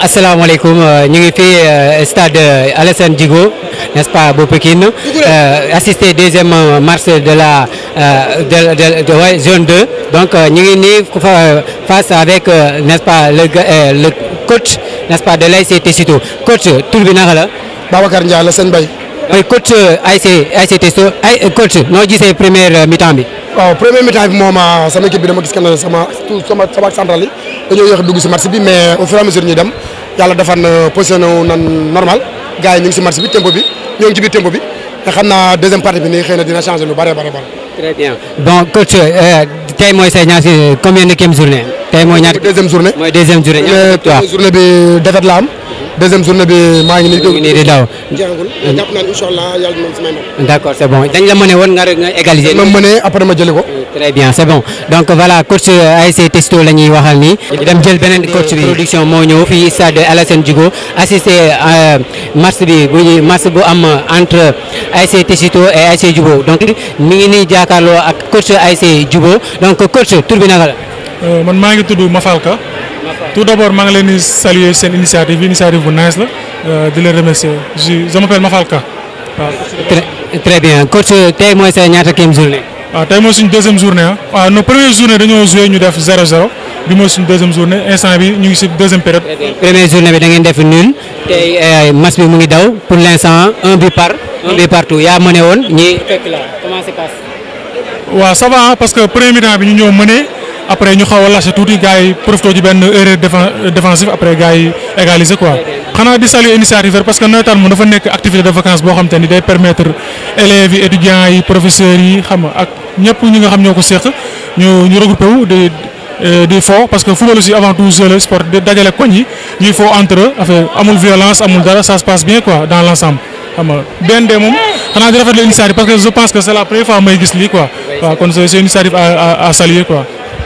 asalaamaaleykum euh, ñu ngi fii euh, stade euh, Alassane Digo, n'est-ce pas bu euh, assisté deuxième marche de la de de de zone 2 donc ñu ngi nii face avec n'est-ce pas le le coach n'est-ce pas de l'ASC Tesito coach tur bi naka Babacar Ndiaye la seen bay. mooy coach ASC ASC Tesito ay coach noo gisee première mi-temps bi. waaw première mi-temps bi moom ah, sama équipe bi dama gis que ne sama sama sama central yi. dañoo yéex dugg si match bi mais au fur et à dem yàlla defar na positionné wu normal gars yi ñu si match bi tempo bi ñoo ngi ci biir tempo bi te xam naa deuxième partie bi nii xëy na dina changé lu bare bare bare. très bien bon coach euh, tey mooy say ñaari combien de journée. tey mooy ñaari deuxième journée. mooy deuxième journée. journée bi défaite la am. deuxième journée bi maa ngi nii di daw jeexagul euh, jàpp naa ne incha allah yàlla moom si may ndaw. d' bon dañ la mëne woon nga nga égaliser. ma mëne après ma jëli ko. Euh, très bien c' bon donc voilà coach euh, ASC Testo la ñuy waxal nii. dem jël beneen coach bi production moo ñëw fii stade Alassane Djigo assisté match bi bu ñuy match bu am entre ASC Testo et ASC Djigo donc mi ngi nii jàkkaarloo ak coach ASC Djigo donc coach tur bi naka la. ngi tudd Mafalka. tout d'abord maa ngi saluer cette initiative initiative bu nice euh, de leen remercier je je m'appelle Mafalka waaw. très très bien coach tey ce sa ñaatakeem journée. waaw ah, tey sur une deuxième journée ah waaw ah, nos première journée dañoo joué ñu def 0-0 Nous sommes une deuxième journée instant bi ñu ngi deuxième période. première journée bi da ngeen def nul tey euh, match bi mu ngi daw pour l'instant un but par un but partout yaa mëne woon ñi comment ça passe. waaw ça va ah, parce que premier mi-temps bi ñu ñëw après ñu xaw a lâché tuuti gars yi profité ci benn erreur euh, défensive après gars yi égaliser quoi. xanaa di saluer initiative parce que nawetaan moom dafa nekk activité de vacances boo xam te ni day permettre élèves yi étudiants yi professeurs yi xam ak ñëpp ñi nga xam ñoo ko seq ñu ñu di euh, di fo parce que football aussi avant tout jeu le sport di dajale koñ yi ñuy fo entre amul violence amul dara ça se passe bien quoi dans l' xam nga